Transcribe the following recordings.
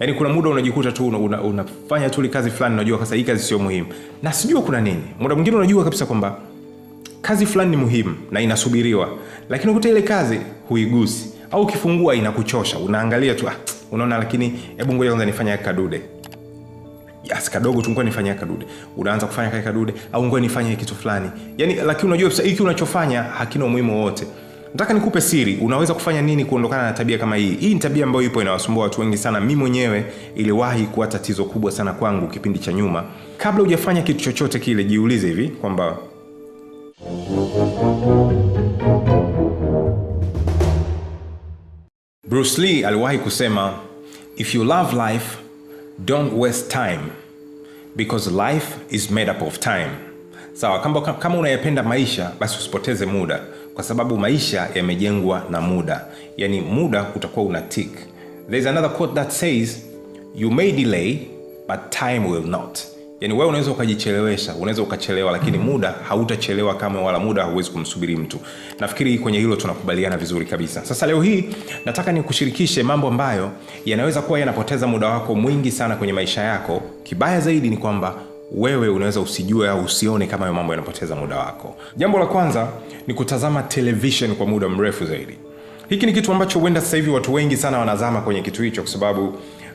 yaani kuna muda unajikuta tu una, unafanya tu kazi fulani unajua kasa hii kazi sio muhimu na sijua kuna nini muda mwingine unajua kabisa kwamba kazi fulani ni muhimu na inasubiriwa lakini ukuta ile kazi huigusi au ukifungua inakuchosha unaangalia tu ah, unaona lakini hebu ngoja kwanza nifanye kadude yes, kadogo tu ngoja nifanye kadude unaanza kufanya kadude au ngoja nifanye kitu fulani yani lakini unajua hiki unachofanya hakina umuhimu wowote nataka nikupe siri, unaweza kufanya nini kuondokana na tabia kama hii? Hii ni tabia ambayo ipo inawasumbua watu wengi sana. Mimi mwenyewe iliwahi kuwa tatizo kubwa sana kwangu kipindi cha nyuma. Kabla hujafanya kitu chochote kile, jiulize hivi kwamba Bruce Lee aliwahi kusema if you love life don't waste time because life is made up of time. Sawa, kama, kama unayapenda maisha basi usipoteze muda kwa sababu maisha yamejengwa na muda yani muda utakuwa una tik there is another quote that says you may delay but time will not yani wewe unaweza ukajichelewesha unaweza ukachelewa lakini mm-hmm. muda hautachelewa kama wala muda hauwezi kumsubiri mtu nafikiri kwenye hilo tunakubaliana vizuri kabisa sasa leo hii nataka nikushirikishe mambo ambayo yanaweza kuwa yanapoteza muda wako mwingi sana kwenye maisha yako kibaya zaidi ni kwamba wewe unaweza usijue au usione kama hayo mambo yanapoteza muda wako. Jambo la kwanza ni kutazama television kwa muda mrefu zaidi. Hiki ni kitu ambacho huenda sasa hivi watu wengi sana wanazama kwenye kitu hicho kwa sababu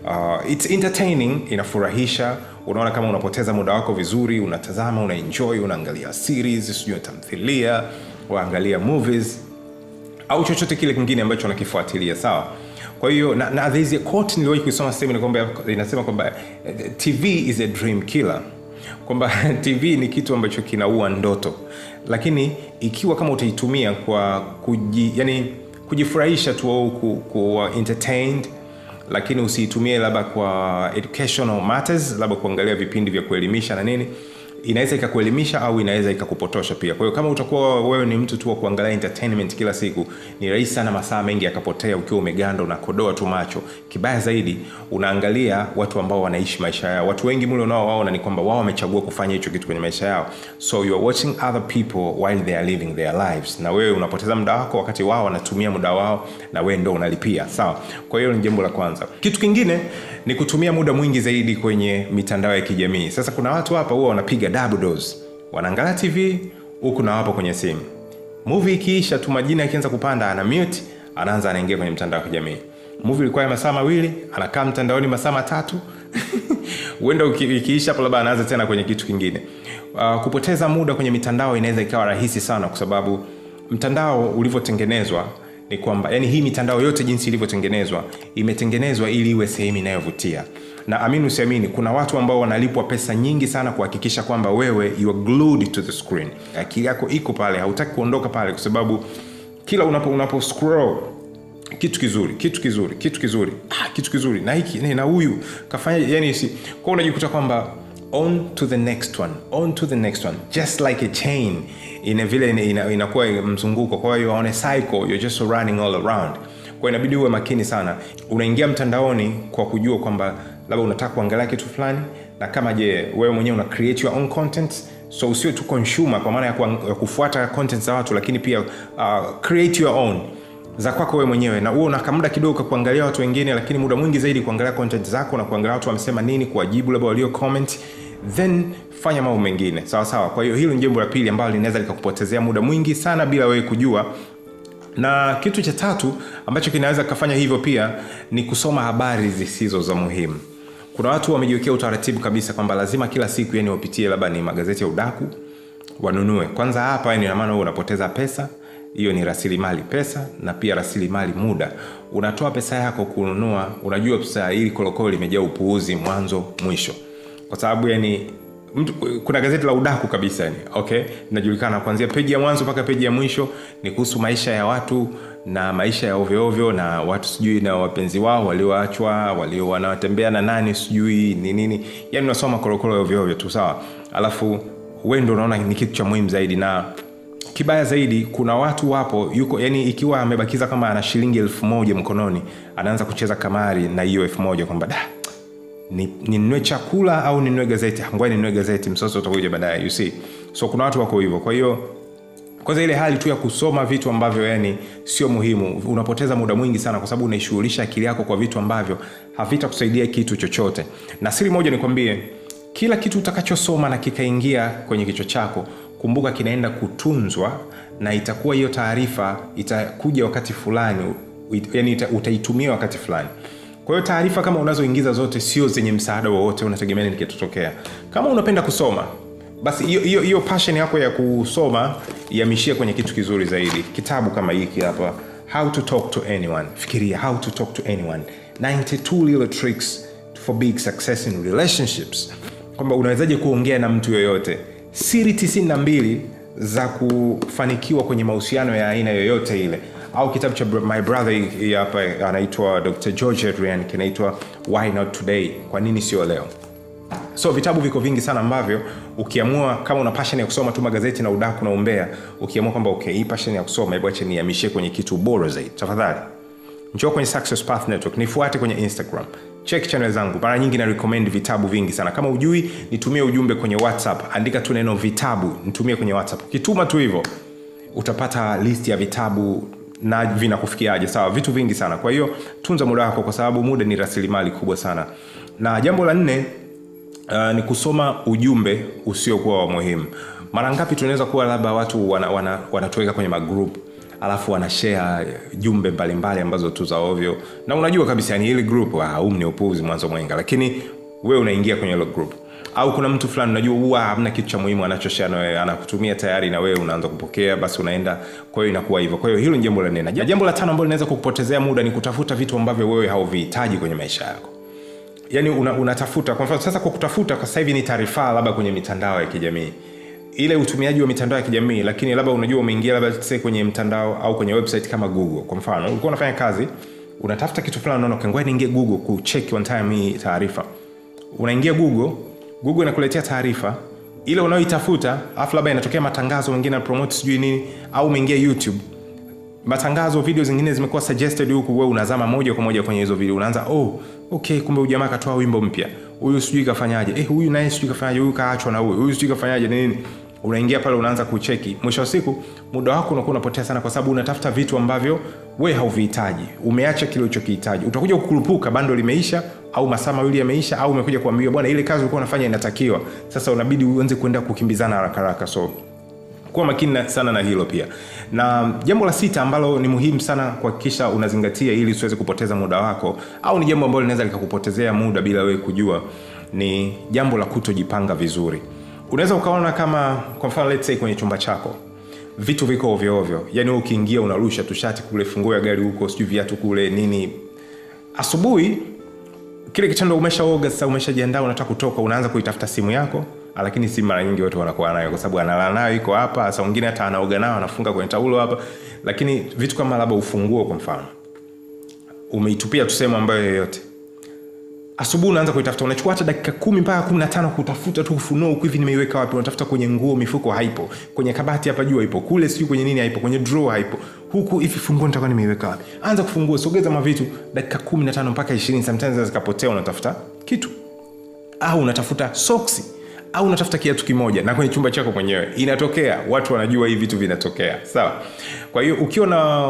uh, it's entertaining, inafurahisha. Unaona kama unapoteza muda wako vizuri, unatazama, unaenjoy, unaangalia series, sijui tamthilia, waangalia movies au chochote kile kingine ambacho unakifuatilia, sawa. Kwa hiyo na, na there is a quote niliwahi kuisoma sehemu kwamba inasema kwamba eh, eh, TV is a dream killer kwamba TV ni kitu ambacho kinaua ndoto, lakini ikiwa kama utaitumia kwa kuji, yani, kujifurahisha tu au kuwa entertained lakini usiitumie labda kwa educational matters, labda kuangalia vipindi vya kuelimisha na nini inaweza ikakuelimisha au inaweza ikakupotosha pia. Kwa hiyo kama utakuwa wewe ni mtu tu wa kuangalia entertainment kila siku, ni rahisi sana masaa mengi yakapotea ukiwa umeganda, unakodoa tu macho. Kibaya zaidi, unaangalia watu ambao wanaishi maisha yao. Watu wengi mle unaowaona ni kwamba wao wamechagua kufanya hicho kitu kwenye maisha yao, so you are watching other people while they are living their lives, na wewe unapoteza muda wako wakati wao wanatumia muda wao, na wewe ndio unalipia. Sawa, kwa hiyo ni jambo la kwanza. Kitu kingine ni kutumia muda mwingi zaidi kwenye mitandao ya kijamii. Sasa kuna watu hapa huwa wanapiga double wanaangalia TV huku na wapo kwenye simu. Movie ikiisha tu, majina akianza kupanda, ana mute, anaanza anaingia kwenye mtandao wa kijamii. Movie ilikuwa ya masaa mawili, anakaa mtandaoni masaa matatu huenda ikiisha hapo, labda anaanza tena kwenye kitu kingine. Uh, kupoteza muda kwenye mitandao inaweza ikawa rahisi sana, kwa sababu mtandao ulivyotengenezwa ni kwamba yani hii mitandao yote jinsi ilivyotengenezwa imetengenezwa ili iwe sehemu inayovutia na amini usiamini, kuna watu ambao wanalipwa pesa nyingi sana kuhakikisha kwamba wewe you are glued to the screen, akili yako iko pale, hautaki kuondoka pale, kwa sababu kila unapo unapo scroll kitu kizuri kitu kizuri kitu kizuri ah, kitu kizuri na hiki na huyu kafanya, yani si kwa unajikuta kwamba on to the next one on to the next one just like a chain ina vile inakuwa ina, ina mzunguko kwa hiyo on a cycle you're just running all around kwa inabidi uwe makini sana unaingia mtandaoni kwa kujua kwamba labda unataka kuangalia kitu fulani na kama je wewe mwenyewe una create your own content so usiwe tu consumer kwa maana ya, ya kufuata content za watu lakini pia uh, create your own za kwako wewe mwenyewe na huo unaka muda kidogo kuangalia watu wengine lakini muda mwingi zaidi kuangalia content zako na kuangalia watu wamesema nini kuwajibu labda walio comment then fanya mambo mengine sawa sawa. Kwa hiyo hili ni jambo la pili ambalo linaweza likakupotezea muda mwingi sana bila wewe kujua na kitu cha tatu ambacho kinaweza kikafanya hivyo pia ni kusoma habari zisizo za muhimu. Kuna watu wamejiwekea utaratibu kabisa kwamba lazima kila siku yani wapitie labda ni magazeti ya udaku wanunue. Kwanza hapa yani, ina maana wewe unapoteza pesa, hiyo ni rasilimali pesa na pia rasilimali muda. Unatoa pesa yako kununua, unajua pesa hili kolokolo limejaa upuuzi mwanzo mwisho kwa sababu yani mtu, kuna gazeti la udaku kabisa yani, okay, linajulikana kuanzia peji ya mwanzo mpaka peji ya mwisho ni kuhusu maisha ya watu na maisha ya ovyoovyo na watu sijui na wapenzi wao walioachwa walio wanatembea na nani sijui ni nini, yani unasoma korokoro ya ovyoovyo tu, sawa. Alafu wewe ndio unaona ni kitu cha muhimu zaidi na kibaya zaidi kuna watu wapo yuko yani, ikiwa amebakiza kama ana shilingi 1000 mkononi anaanza kucheza kamari na hiyo 1000 kwamba da ninunue chakula au ninunue gazeti? Ngoja ninunue gazeti, msoso utakuja baadaye, you see. So kuna watu wako hivyo, kwa hiyo kwanza ile hali tu ya kusoma vitu ambavyo yani sio muhimu, unapoteza muda mwingi sana, kwa sababu unaishughulisha akili yako kwa vitu ambavyo havitakusaidia kitu chochote. Na siri moja nikwambie, kila kitu utakachosoma na kikaingia kwenye kichwa chako, kumbuka kinaenda kutunzwa, na itakuwa hiyo taarifa itakuja wakati fulani, yani utaitumia wakati fulani. Kwa hiyo taarifa kama unazoingiza zote sio zenye msaada wowote, unategemea nini kitotokea. Kama unapenda kusoma basi hiyo hiyo passion yako ya kusoma ihamishie kwenye kitu kizuri zaidi, kitabu kama hiki hapa, How to Talk to Anyone. Fikiria How to Talk to Anyone, 92 little tricks for big success in relationships, kwamba unawezaje kuongea na mtu yoyote, siri 92 za kufanikiwa kwenye mahusiano ya aina yoyote ile au kitabu cha my brother hapa anaitwa Dr. George Adrian kinaitwa Why Not Today, kwa nini sio leo? So vitabu viko vingi sana ambavyo ukiamua kama una passion ya kusoma tu magazeti na udaku na umbea, ukiamua kwamba okay, hii passion ya kusoma, hebu acha nihamishie kwenye kitu bora zaidi, tafadhali njoo kwenye Success Path Network, nifuate kwenye Instagram, check channel zangu. Mara nyingi na recommend vitabu vingi sana. Kama ujui, nitumie ujumbe kwenye WhatsApp, andika tu neno vitabu, nitumie kwenye WhatsApp. Ukituma tu hivyo utapata list ya vitabu na vinakufikiaje? Sawa, vitu vingi sana. Kwa hiyo tunza muda wako, kwa sababu muda ni rasilimali kubwa sana. Na jambo la nne uh, ni kusoma ujumbe usiokuwa wa muhimu. Mara ngapi tunaweza kuwa labda watu wanatuweka wana, wana kwenye magrup alafu wanashea jumbe mbalimbali ambazo tu za ovyo, na unajua kabisa ni hili group ah, um ni mwanzo mwenga, lakini wewe unaingia kwenye hilo group au kuna mtu fulani unajua huwa hamna kitu cha muhimu anachoshea na wewe, anakutumia tayari na wewe unaanza kupokea, basi unaenda. Kwa hiyo inakuwa hivyo. Kwa hiyo hilo ni jambo la nne, jambo la tano ambalo linaweza kukupotezea muda ni kutafuta vitu ambavyo wewe hauvihitaji kwenye maisha yako. Yani una, unatafuta kwa mfano sasa, kwa kutafuta kwa sasa hivi ni taarifa labda kwenye mitandao ya kijamii ile utumiaji wa mitandao ya kijamii lakini, labda unajua umeingia labda tuseme kwenye mtandao au kwenye website kama Google kwa mfano, ulikuwa unafanya kazi, unatafuta kitu fulani, unaona, ngoja niingie Google kucheck one time hii taarifa, unaingia Google Google inakuletea taarifa ile unayoitafuta, afu labda inatokea matangazo mengine na promote sijui nini, au umeingia YouTube matangazo video zingine zimekuwa suggested huku, wewe unazama moja kwa moja kwenye hizo video, unaanza oh, okay, kumbe huyu jamaa katoa wimbo mpya, huyu sijui kafanyaje, eh, huyu naye sijui kafanyaje, huyu kaachwa na huyu, huyu sijui kafanyaje nini, unaingia pale unaanza kucheki. Mwisho wa siku muda wako unakuwa unapotea sana, kwa sababu unatafuta vitu ambavyo wewe hauvihitaji, umeacha kile ulichokihitaji. Utakuja kukurupuka, bando limeisha, au masaa mawili yameisha au umekuja kuambiwa bwana, ile kazi ulikuwa unafanya inatakiwa sasa, unabidi uanze kwenda kukimbizana haraka haraka. So kuwa makini sana na hilo pia. Na jambo la sita ambalo ni muhimu sana kuhakikisha unazingatia ili usiweze kupoteza muda wako, au ni jambo ambalo linaweza likakupotezea muda bila wewe kujua, ni jambo la kutojipanga vizuri. Unaweza ukaona kama kwa mfano, let's say kwenye chumba chako vitu viko ovyo ovyo, yani ukiingia unarusha tushati kule, funguo ya gari huko, sijui viatu kule nini. Asubuhi kile kitendo umeshaoga sasa, umeshajiandaa, unataka kutoka, unaanza kuitafuta simu yako, lakini simu mara nyingi watu wanakuwa nayo, kwa sababu analala nayo, iko hapa. Sasa wengine hata anaoga nayo, anafunga kwenye taulo hapa, lakini vitu kama labda ufunguo, kwa mfano, umeitupia tu sehemu ambayo yoyote asubuhi unaanza kuitafuta, unachukua hata dakika kumi mpaka kumi na tano kutafuta tu ufunuo, huku hivi nimeiweka wapi? Unatafuta kwenye nguo, mifuko haipo, kwenye kabati hapa juu haipo, kule sijui kwenye nini haipo, kwenye dr haipo, huku hivi funguo nitakuwa nimeiweka wapi? Anza kufungua, sogeza mavitu, dakika kumi na tano mpaka ishirini sometimes zikapotea, unatafuta kitu au unatafuta soksi au unatafuta kiatu kimoja, na kwenye chumba chako mwenyewe inatokea. Watu wanajua hii vitu vinatokea, sawa? Kwa hiyo ukiwa na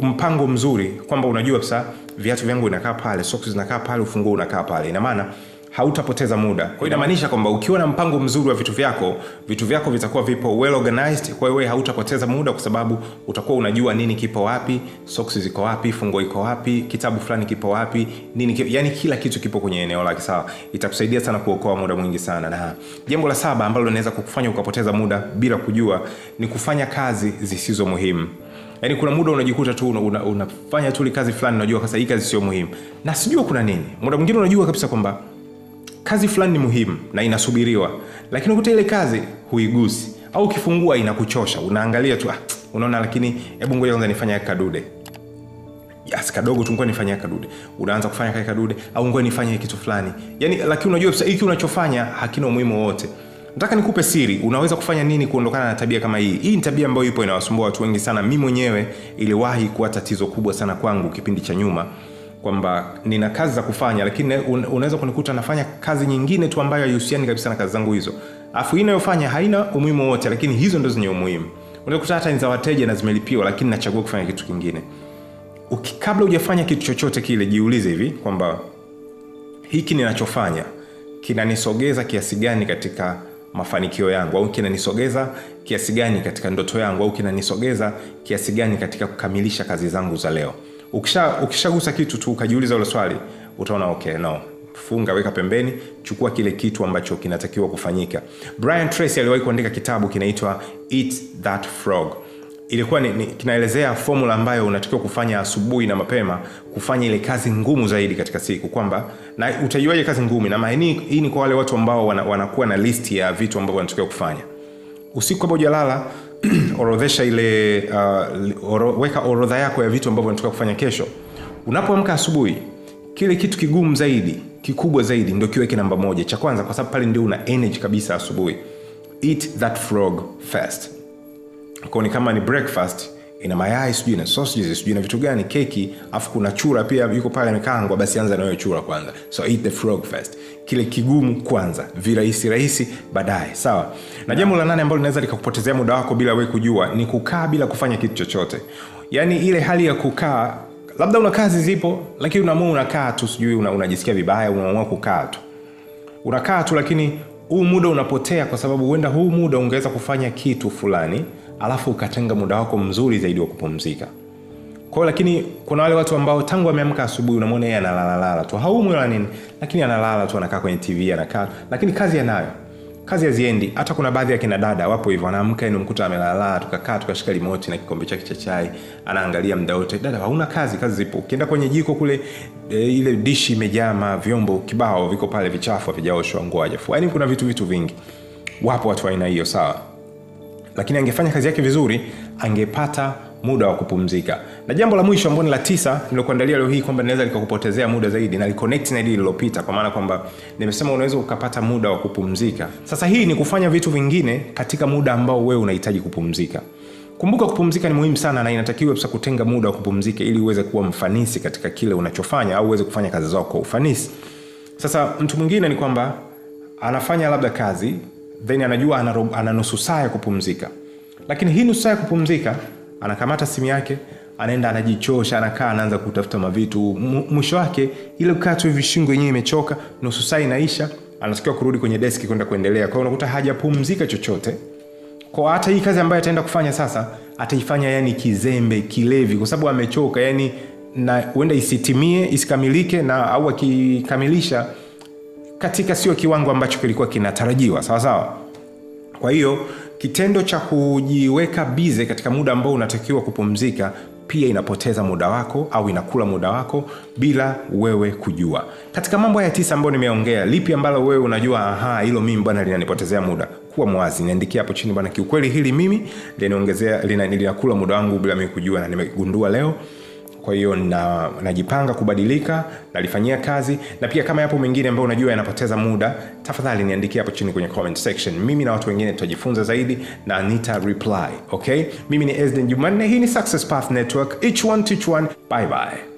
mpango mzuri kwamba unajua sasa viatu vyangu inakaa pale, socks zinakaa pale, ufunguo unakaa pale. Ina maana hautapoteza muda. kwao inamaanisha kwamba ukiwa na mpango mzuri wa vitu vyako, vitu vyako vitakuwa vipo well organized. Kwa hiyo hautapoteza muda, kwa sababu utakuwa unajua nini kipo wapi, socks ziko wapi, fungo iko wapi, kitabu fulani kipo wapi, nini kipo, yani kila kitu kipo kwenye eneo lake. Sawa, itakusaidia sana kuokoa muda mwingi sana. Na jambo la saba ambalo linaweza kukufanya ukapoteza muda bila kujua ni kufanya kazi zisizo muhimu. Yaani kuna muda unajikuta tu unafanya una, una tu kazi fulani, unajua kasa hii kazi sio muhimu na sijua kuna nini. Muda mwingine unajua kabisa kwamba kazi fulani ni muhimu na inasubiriwa, lakini ukuta ile kazi huigusi au ukifungua inakuchosha, unaangalia tu, ah, unaona, lakini hebu ngoja kwanza nifanye kadude Yes, kadogo tu ngoja nifanyia kadude. Unaanza kufanya kae kadude au ngoja nifanye kitu fulani. yani, lakini unajua sasa hiki unachofanya hakina umuhimu wote. Nataka nikupe siri, unaweza kufanya nini kuondokana na tabia kama hii? Hii ni tabia ambayo ipo inawasumbua watu wengi sana. Mimi mwenyewe iliwahi kuwa tatizo kubwa sana kwangu kipindi cha nyuma kwamba nina kazi za kufanya, lakini unaweza kunikuta nafanya kazi nyingine tu ambayo haihusiani kabisa na kazi zangu hizo, afu hii inayofanya haina umuhimu wote, lakini hizo ndo zenye umuhimu. Unaweza kukuta hata ni za wateja na zimelipiwa, lakini nachagua kufanya kitu kingine. kabla hujafanya kitu chochote kile, jiulize hivi kwamba hiki ninachofanya kinanisogeza kiasi gani katika mafanikio yangu, au kinanisogeza kiasi gani katika ndoto yangu, au kinanisogeza kiasi gani katika kukamilisha kazi zangu za leo ukisha ukishagusa kitu tu ukajiuliza hilo swali utaona okay, no funga weka pembeni chukua kile kitu ambacho kinatakiwa kufanyika brian tracy aliwahi kuandika kitabu kinaitwa eat that frog ilikuwa ni, ni, kinaelezea fomula ambayo unatakiwa kufanya asubuhi na mapema kufanya ile kazi ngumu zaidi katika siku kwamba na utaijuaje kazi ngumu na maana hii ni kwa wale watu ambao wana, wanakuwa na listi ya vitu ambavyo wanatakiwa kufanya usiku kabla hujalala orodhesha ile uh, oro, weka orodha yako ya vitu ambavyo unataka kufanya kesho. Unapoamka asubuhi, kile kitu kigumu zaidi, kikubwa zaidi, ndio kiweke namba moja, cha kwanza, kwa sababu pale ndio una energy kabisa asubuhi. Eat that frog first, ni kama ni breakfast ina mayai sijui na sausages sijui na vitu gani, keki, afu kuna chura pia yuko pale amekaangwa, basi anza na hiyo chura kwanza. So eat the frog first, kile kigumu kwanza, virahisi rahisi baadaye, sawa. Na jambo la nane ambalo linaweza likakupotezea muda wako bila wewe kujua ni kukaa bila kufanya kitu chochote, yaani ile hali ya kukaa, labda una kazi zipo, lakini unaamua unakaa tu, sijui unajisikia vibaya, unaamua kukaa tu, unakaa tu, lakini huu muda unapotea, kwa sababu huenda huu muda ungeweza kufanya kitu fulani alafu ukatenga muda wako mzuri zaidi wa kupumzika kwa Lakini kuna wale watu ambao tangu ameamka asubuhi, unamwona yeye analalala tu, haumwi wala nini, lakini analala tu, anakaa kwenye TV anakaa, lakini kazi anayo kazi haziendi. Hata kuna baadhi ya kina dada wapo hivyo, anaamka ni mkuta amelala, tukakaa tukashika limoti na kikombe chake cha chai, anaangalia muda wote. Dada, hauna kazi? Kazi zipo. Ukienda kwenye jiko kule, e, ile dishi imejama, vyombo kibao viko pale, vichafu, havijaoshwa, nguo hajafua, yaani kuna vitu vitu vingi. Wapo watu aina hiyo, sawa lakini angefanya kazi yake vizuri, angepata muda wa kupumzika. Na jambo la mwisho ambao ni la tisa nilokuandalia leo hii kwamba linaweza likakupotezea muda zaidi na liconnect na hili lililopita, kwa maana kwamba nimesema unaweza ukapata muda wa kupumzika. Sasa hii ni kufanya vitu vingine katika muda ambao wewe unahitaji kupumzika. Kumbuka, kupumzika ni muhimu sana, na inatakiwa sasa kutenga muda wa kupumzika ili uweze kuwa mfanisi katika kile unachofanya au uweze kufanya kazi zako kwa ufanisi. Sasa mtu mwingine ni kwamba anafanya labda kazi then anajua ana nusu saa ya kupumzika, lakini hii nusu saa ya kupumzika anakamata simu yake anaenda anajichosha, anakaa anaanza kutafuta mavitu. Mwisho wake ile kukaa tu hivi, shingo yenyewe imechoka, nusu saa inaisha, anatakiwa kurudi kwenye deski kwenda kuendelea. Kwa hiyo unakuta hajapumzika chochote, kwa hata hii kazi ambayo ataenda kufanya sasa ataifanya yani kizembe, kilevi, kwa sababu amechoka yani, na huenda isitimie, isikamilike na au akikamilisha katika sio kiwango ambacho kilikuwa kinatarajiwa sawa sawa. Kwa hiyo kitendo cha kujiweka bize katika muda ambao unatakiwa kupumzika pia inapoteza muda wako au inakula muda wako bila wewe kujua. Katika mambo haya tisa ambayo nimeongea, lipi ambalo wewe unajua aha, hilo mimi bwana linanipotezea muda? Kuwa mwazi, niandikia hapo chini bwana, kiukweli hili mimi linakula muda wangu bila mimi kujua, na nimegundua leo kwa hiyo na najipanga kubadilika, nalifanyia kazi, na pia kama yapo mengine ambayo unajua yanapoteza muda, tafadhali niandikie hapo chini kwenye comment section. Mimi na watu wengine tutajifunza zaidi na nita reply, okay? Mimi ni esden Jumanne, hii ni Success Path Network. Each one teach one. Bye bye.